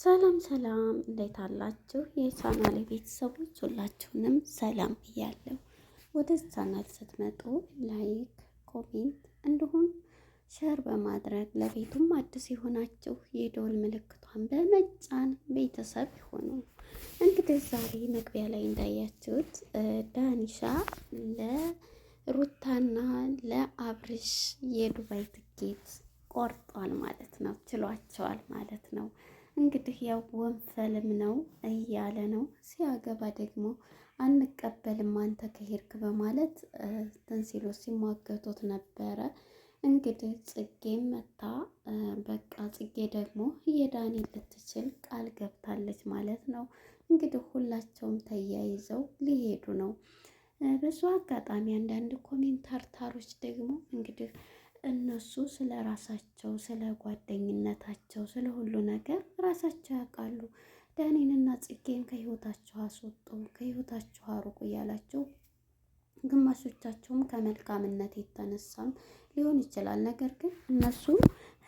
ሰላም ሰላም፣ እንዴት አላችሁ? የቻናል ቤተሰቦች ሁላችሁንም ሰላም ብያለሁ። ወደ ቻናል ስትመጡ ላይክ፣ ኮሜንት እንዲሁም ሸር በማድረግ ለቤቱም አዲስ የሆናችሁ የደወል ምልክቷን በመጫን ቤተሰብ ይሆኑ። እንግዲህ ዛሬ መግቢያ ላይ እንዳያችሁት ዳኒሻ ለሩታና ለአብርሽ የዱባይ ትኬት ቆርጧል ማለት ነው፣ ችሏቸዋል ማለት ነው። እንግዲህ ያው ወንፈልም ነው እያለ ነው። ሲያገባ ደግሞ አንቀበልም አንተ ከሄድክ በማለት ተንሲሎ ሲሟገቱት ነበረ። እንግዲህ ጽጌ መታ በቃ ጽጌ ደግሞ የዳኒ ልትችል ቃል ገብታለች ማለት ነው። እንግዲህ ሁላቸውም ተያይዘው ሊሄዱ ነው። ብዙ አጋጣሚ አንዳንድ ኮሜንታርታሮች ደግሞ እንግዲህ እነሱ ስለ ራሳቸው ስለ ጓደኝነታቸው ስለ ሁሉ ነገር ራሳቸው ያውቃሉ። ዳኒንና ጽጌን ከህይወታቸው አስወጡ፣ ከህይወታቸው አሩቁ እያላቸው ግማሾቻቸውም ከመልካምነት የተነሳም ሊሆን ይችላል። ነገር ግን እነሱ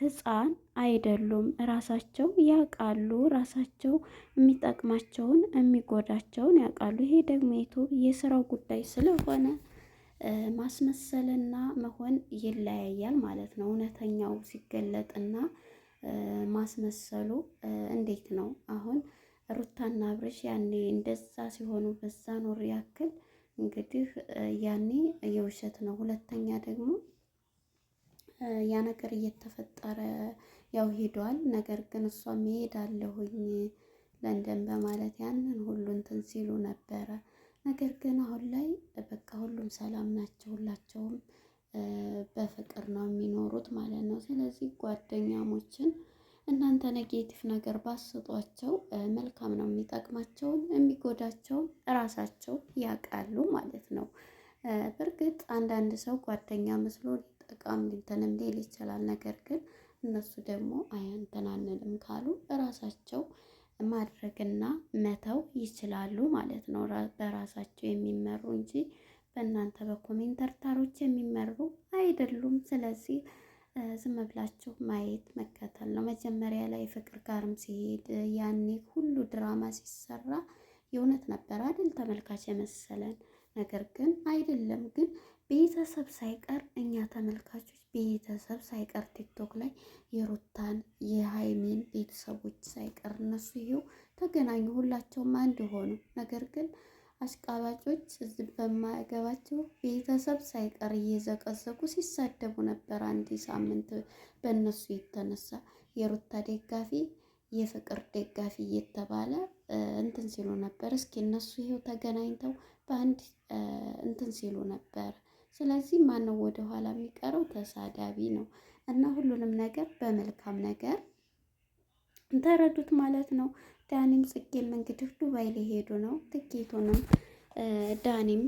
ህፃን አይደሉም። ራሳቸው ያውቃሉ። ራሳቸው የሚጠቅማቸውን የሚጎዳቸውን ያውቃሉ። ይሄ ደግሞ የቱ የስራው ጉዳይ ስለሆነ ማስመሰልና መሆን ይለያያል ማለት ነው። እውነተኛው ሲገለጥና ማስመሰሉ እንዴት ነው? አሁን ሩታና አብርሽ ያኔ እንደዛ ሲሆኑ በዛ ኖር ያክል እንግዲህ ያኔ የውሸት ነው። ሁለተኛ ደግሞ ያ ነገር እየተፈጠረ ያው ሄዷል። ነገር ግን እሷ መሄድ አለሁኝ ለንደን በማለት ያንን ሁሉ እንትን ሲሉ ነበረ። ነገር ግን አሁን ላይ በቃ ሁሉም ሰላም ናቸው። ሁላቸውም በፍቅር ነው የሚኖሩት ማለት ነው። ስለዚህ ጓደኛሞችን እናንተ ኔጌቲቭ ነገር ባስጧቸው መልካም ነው። የሚጠቅማቸውን የሚጎዳቸውን እራሳቸው ያውቃሉ ማለት ነው። በእርግጥ አንዳንድ ሰው ጓደኛ መስሎ ጠቃሚ ልንተንም ሊል ይችላል። ነገር ግን እነሱ ደግሞ አይ እንትን አንልም ካሉ እራሳቸው ማድረግና መተው ይችላሉ ማለት ነው። በራሳቸው የሚመሩ እንጂ በእናንተ በኮሜንተር ታሮች የሚመሩ አይደሉም። ስለዚህ ዝም ብላችሁ ማየት መከተል ነው። መጀመሪያ ላይ ፍቅር ጋርም ሲሄድ ያኔ ሁሉ ድራማ ሲሰራ የእውነት ነበር አይደል? ተመልካች የመሰለን ነገር ግን አይደለም ግን ቤተሰብ ሳይቀር እኛ ተመልካቾች ቤተሰብ ሳይቀር ቲክቶክ ላይ የሩታን የሀይሚን ቤተሰቦች ሳይቀር እነሱ ይሄው ተገናኙ፣ ሁላቸውም አንድ ሆኑ። ነገር ግን አሽቃባጮች እዚህ በማያገባቸው ቤተሰብ ሳይቀር እየዘቀዘቁ ሲሳደቡ ነበር። አንድ ሳምንት በእነሱ የተነሳ የሩታ ደጋፊ የፍቅር ደጋፊ እየተባለ እንትን ሲሉ ነበር። እስኪ እነሱ ይሄው ተገናኝተው በአንድ እንትን ሲሉ ነበር። ስለዚህ ማነው ወደኋላ የሚቀረው? ተሳዳቢ ነው እና ሁሉንም ነገር በመልካም ነገር ተረዱት ማለት ነው። ዳኒም ጽጌም እንግዲህ ዱባይ ሊሄዱ ነው። ትኬቱንም ዳኒም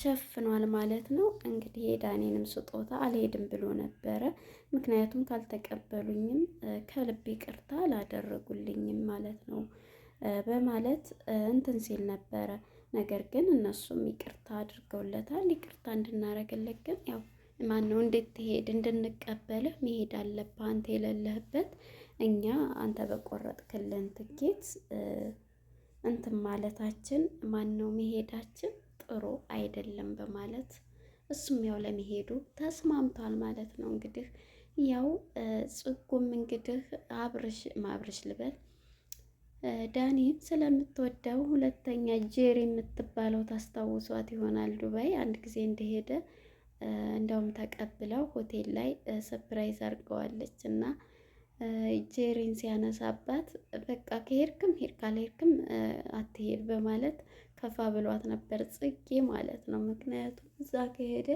ሸፍኗል ማለት ነው። እንግዲህ የዳኒንም ስጦታ አልሄድም ብሎ ነበረ። ምክንያቱም ካልተቀበሉኝም ከልብ ይቅርታ አላደረጉልኝም ማለት ነው በማለት እንትን ሲል ነበረ። ነገር ግን እነሱም ይቅርታ አድርገውለታል። ይቅርታ እንድናረግለት ግን ያው ማን ነው እንድትሄድ እንድንቀበልህ መሄድ አለብህ። አንተ የሌለህበት እኛ አንተ በቆረጥክልን ትኬት እንትን ማለታችን ማን ነው መሄዳችን ጥሩ አይደለም በማለት እሱም ያው ለመሄዱ ተስማምቷል ማለት ነው። እንግዲህ ያው ጽጉም እንግዲህ አብርሽ ማብርሽ ልበል ዳኒን ስለምትወደው ሁለተኛ ጄሪ የምትባለው ታስታውሷት ይሆናል። ዱባይ አንድ ጊዜ እንደሄደ እንደውም ተቀብለው ሆቴል ላይ ሰፕራይዝ አድርገዋለች እና ጄሪን ሲያነሳባት በቃ ከሄድክም ሄድ ካልሄድክም አትሄድ በማለት ከፋ ብሏት ነበር፣ ጽጌ ማለት ነው። ምክንያቱም እዛ ከሄደ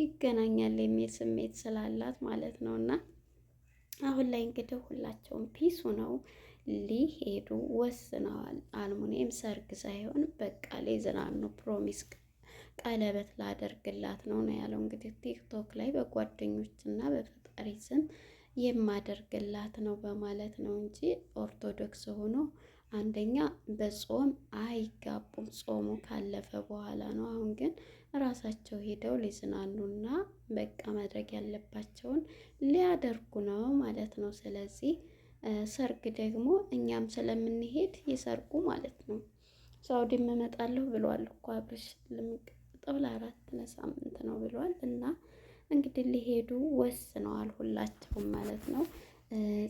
ይገናኛል የሚል ስሜት ስላላት ማለት ነው። እና አሁን ላይ እንግዲህ ሁላቸውም ፒሱ ነው ሊሄዱ ወስነዋል። አልሙኒየም ሰርግ ሳይሆን በቃ ሊዝናኑ ፕሮሚስ ቀለበት ላደርግላት ነው ነው ያለው። እንግዲህ ቲክቶክ ላይ በጓደኞች እና በፈጣሪ ስም የማደርግላት ነው በማለት ነው እንጂ ኦርቶዶክስ ሆኖ አንደኛ በጾም አይጋቡም። ጾሙ ካለፈ በኋላ ነው። አሁን ግን ራሳቸው ሄደው ሊዝናኑና በቃ ማድረግ ያለባቸውን ሊያደርጉ ነው ማለት ነው። ስለዚህ ሰርግ ደግሞ እኛም ስለምንሄድ የሰርጉ ማለት ነው ሳውዲም እመጣለሁ ብሏል እኮ አብርሽ። ለሚቀጥለው ለአራት ለሳምንት ነው ብሏል። እና እንግዲህ ሊሄዱ ወስነዋል ሁላቸውም ማለት ነው።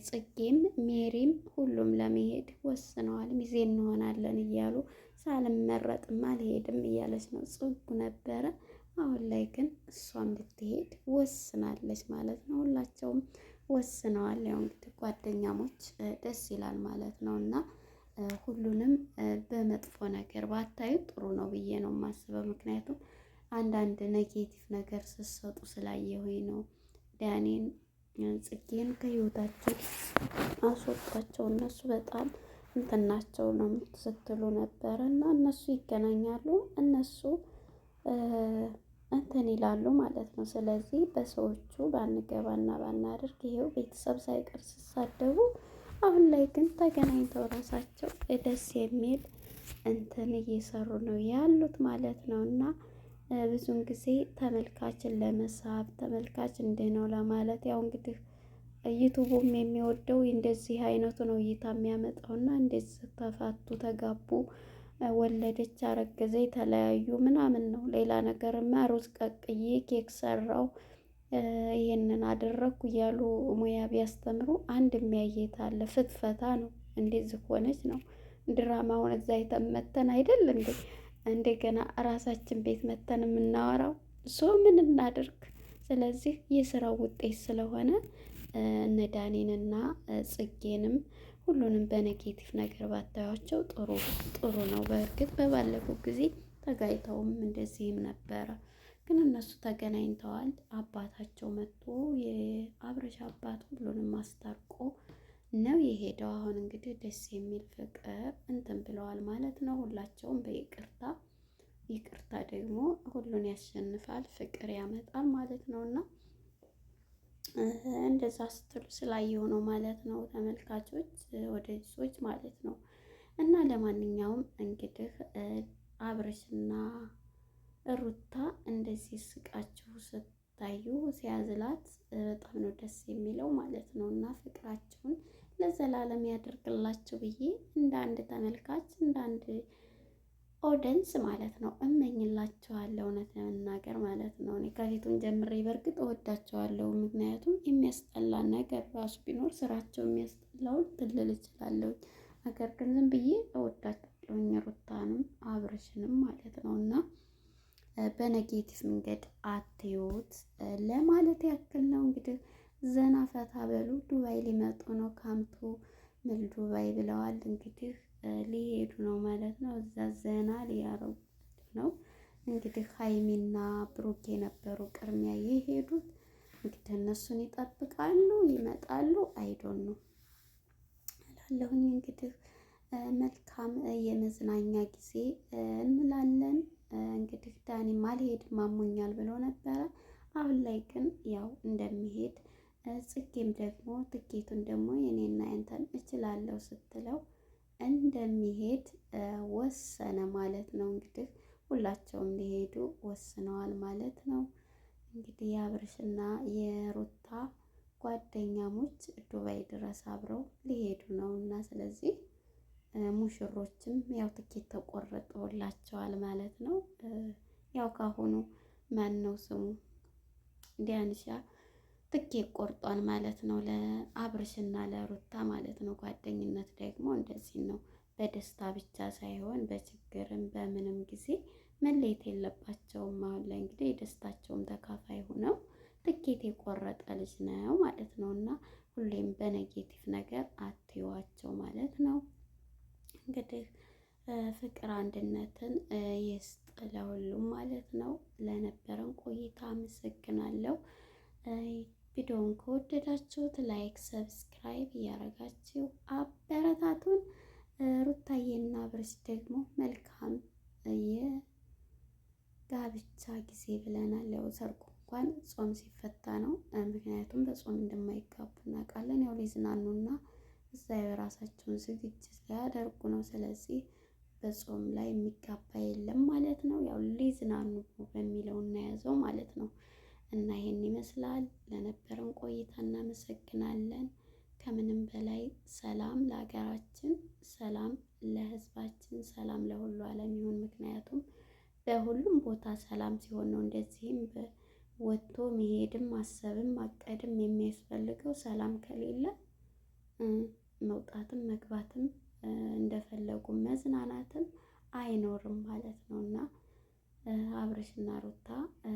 ጽጌም ሜሪም ሁሉም ለመሄድ ወስነዋል። ሚዜ እንሆናለን እያሉ ሳልመረጥም አልሄድም እያለች ነው ጽጉ ነበረ። አሁን ላይ ግን እሷም ልትሄድ ወስናለች ማለት ነው ሁላቸውም ወስነዋል። ያው እንግዲህ ጓደኛሞች ደስ ይላል ማለት ነው እና ሁሉንም በመጥፎ ነገር ባታዩ ጥሩ ነው ብዬ ነው የማስበው። ምክንያቱም አንዳንድ ኔጌቲቭ ነገር ስትሰጡ ስላየሁኝ ነው። ዳኔን ጽጌን ከህይወታቸው አስወጧቸው፣ እነሱ በጣም እንትናቸው ነው ስትሉ ነበረ እና እነሱ ይገናኛሉ እነሱ እንትን ይላሉ ማለት ነው። ስለዚህ በሰዎቹ ባንገባና ባናደርግ ይሄው ቤተሰብ ሳይቀር ሲሳደቡ፣ አሁን ላይ ግን ተገናኝተው ራሳቸው ደስ የሚል እንትን እየሰሩ ነው ያሉት ማለት ነው። እና ብዙን ጊዜ ተመልካችን ለመሳብ ተመልካች እንዲህ ነው ለማለት ያው እንግዲህ ዩቱቡም የሚወደው እንደዚህ አይነቱ ነው እይታ የሚያመጣውና እንደዚህ ተፋቱ ተጋቡ ወለደች፣ አረገዘ፣ የተለያዩ ምናምን ነው። ሌላ ነገርማ ሩዝ ቀቅዬ ኬክ ሰራው ይሄንን አደረግኩ እያሉ ሙያ ቢያስተምሩ አንድ የሚያየት አለ። ፍትፈታ ነው እንደዚህ ሆነች ነው ድራማውን እዛ የተመተን አይደል እንዴ? እንደገና ራሳችን ቤት መተን የምናወራው ሶ ምን እናድርግ። ስለዚህ የስራው ውጤት ስለሆነ እነ ዳኔንና ጽጌንም ሁሉንም በኔጌቲቭ ነገር ባታያቸው ጥሩ ጥሩ ነው። በእርግጥ በባለፈው ጊዜ ተጋይተውም እንደዚህም ነበረ፣ ግን እነሱ ተገናኝተዋል። አባታቸው መጥቶ የአብረሽ አባት ሁሉንም አስታርቆ ነው የሄደው። አሁን እንግዲህ ደስ የሚል ፍቅር እንትን ብለዋል ማለት ነው። ሁላቸውም በይቅርታ ይቅርታ ደግሞ ሁሉን ያሸንፋል፣ ፍቅር ያመጣል ማለት ነው እና እንደዛ ስትሉ ስላየሁ ነው ማለት ነው ተመልካቾች፣ ወዳጆች ማለት ነው። እና ለማንኛውም እንግዲህ አብርሽና ሩታ እንደዚህ ስቃችሁ ስታዩ ሲያዝላት በጣም ነው ደስ የሚለው ማለት ነው። እና ፍቅራችሁን ለዘላለም ያደርግላችሁ ብዬ እንደ አንድ ተመልካች እንደ አንድ ኦደንስ ማለት ነው እመኝላቸዋለሁ። እውነት ለመናገር ማለት ነው እኔ ከፊቱን ጀምሬ በእርግጥ እወዳቸዋለሁ። ምክንያቱም የሚያስጠላ ነገር ራሱ ቢኖር ስራቸው የሚያስጠላውን ትልል እችላለሁ። ነገር ግን ዝም ብዬ እወዳቸዋለሁኝ ሩታንም አብርሽንም ማለት ነው እና በኔጌቲቭ መንገድ አትዩት ለማለት ያክል ነው። እንግዲህ ዘና ፈታ በሉ። ዱባይ ሊመጡ ነው ካምቱ ምን ዱባይ ብለዋል እንግዲህ ሊሄዱ ነው ማለት ነው። እዛ ዘና ሊያረጉ ነው እንግዲህ ሀይሚና ብሩክ የነበሩ ቅድሚያ የሄዱት እንግዲህ እነሱን ይጠብቃሉ፣ ይመጣሉ። አይዶን ነው እላለሁኝ። እንግዲህ መልካም የመዝናኛ ጊዜ እንላለን። እንግዲህ ዳኒም አልሄድም አሞኛል ብሎ ነበረ። አሁን ላይ ግን ያው እንደሚሄድ ጽጌም ደግሞ ትኬቱን ደግሞ የኔና ያንተን እችላለሁ ስትለው እንደሚሄድ ወሰነ ማለት ነው። እንግዲህ ሁላቸውም ሊሄዱ ወስነዋል ማለት ነው። እንግዲህ የአብርሽና የሩታ ጓደኛሞች ዱባይ ድረስ አብረው ሊሄዱ ነው እና ስለዚህ ሙሽሮችም ያው ትኬት ተቆርጦላቸዋል ማለት ነው። ያው ካሁኑ ማን ነው ስሙ ዲያንሻ ትኬት ቆርጧን ማለት ነው። ለአብርሽና ለሩታ ማለት ነው። ጓደኝነት ደግሞ እንደዚህ ነው። በደስታ ብቻ ሳይሆን በችግርም በምንም ጊዜ መለየት የለባቸውም። አሁን ላይ እንግዲህ የደስታቸውም ተካፋይ ሆነው ትኬት የቆረጠ ልጅ ነው ማለት ነው። እና ሁሌም በኔጌቲቭ ነገር አትዩዋቸው ማለት ነው። እንግዲህ ፍቅር አንድነትን ይስጥ ለሁሉም ማለት ነው። ለነበረን ቆይታ አመሰግናለሁ። ቪዲዮውን ከወደዳችሁት ላይክ፣ ሰብስክራይብ እያደረጋችሁ አበረታቱን። ሩታዬና ብርስ ደግሞ መልካም የጋብቻ ጊዜ ብለናል። ያው ሰርጉ እንኳን ጾም ሲፈታ ነው። ምክንያቱም በጾም እንደማይጋቡ እናውቃለን። ያው ሊዝናኑና እዛ የራሳቸውን ዝግጅት ሊያደርጉ ነው። ስለዚህ በጾም ላይ የሚጋባ የለም ማለት ነው። ያው ሊዝናኑ በሚለው እናያዘው ማለት ነው። እና ይሄን ይመስላል። ለነበረን ቆይታ እናመሰግናለን። ከምንም በላይ ሰላም ለሀገራችን፣ ሰላም ለሕዝባችን፣ ሰላም ለሁሉ ዓለም ይሁን። ምክንያቱም በሁሉም ቦታ ሰላም ሲሆን ነው እንደዚህም ወጥቶ መሄድም ማሰብም ማቀድም የሚያስፈልገው ሰላም ከሌለ መውጣትም መግባትም እንደፈለጉ መዝናናትም አይኖርም ማለት ነው እና አብረሽና ሩታ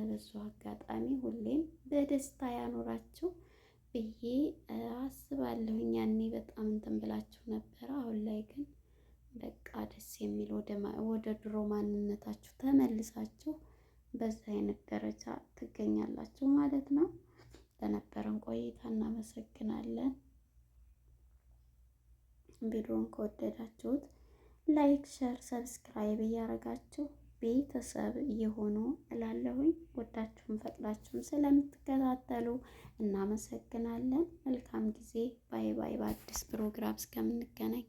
በሱ አጋጣሚ ሁሌም በደስታ ያኖራችሁ ብዬ አስባለሁኝ። ያኔ በጣም እንትን ብላችሁ ነበረ። አሁን ላይ ግን በቃ ደስ የሚል ወደ ድሮ ማንነታችሁ ተመልሳችሁ በዛ አይነት ደረጃ ትገኛላችሁ ማለት ነው። ለነበረን ቆይታ እናመሰግናለን። ቪዲዮን ከወደዳችሁት ላይክ፣ ሸር፣ ሰብስክራይብ እያደረጋችሁ ቤተሰብ የሆኑ እላለሁኝ። ወዳችሁም ፈቅዳችሁም ስለምትከታተሉ እናመሰግናለን። መልካም ጊዜ። ባይ ባይ። በአዲስ ፕሮግራም እስከምንገናኝ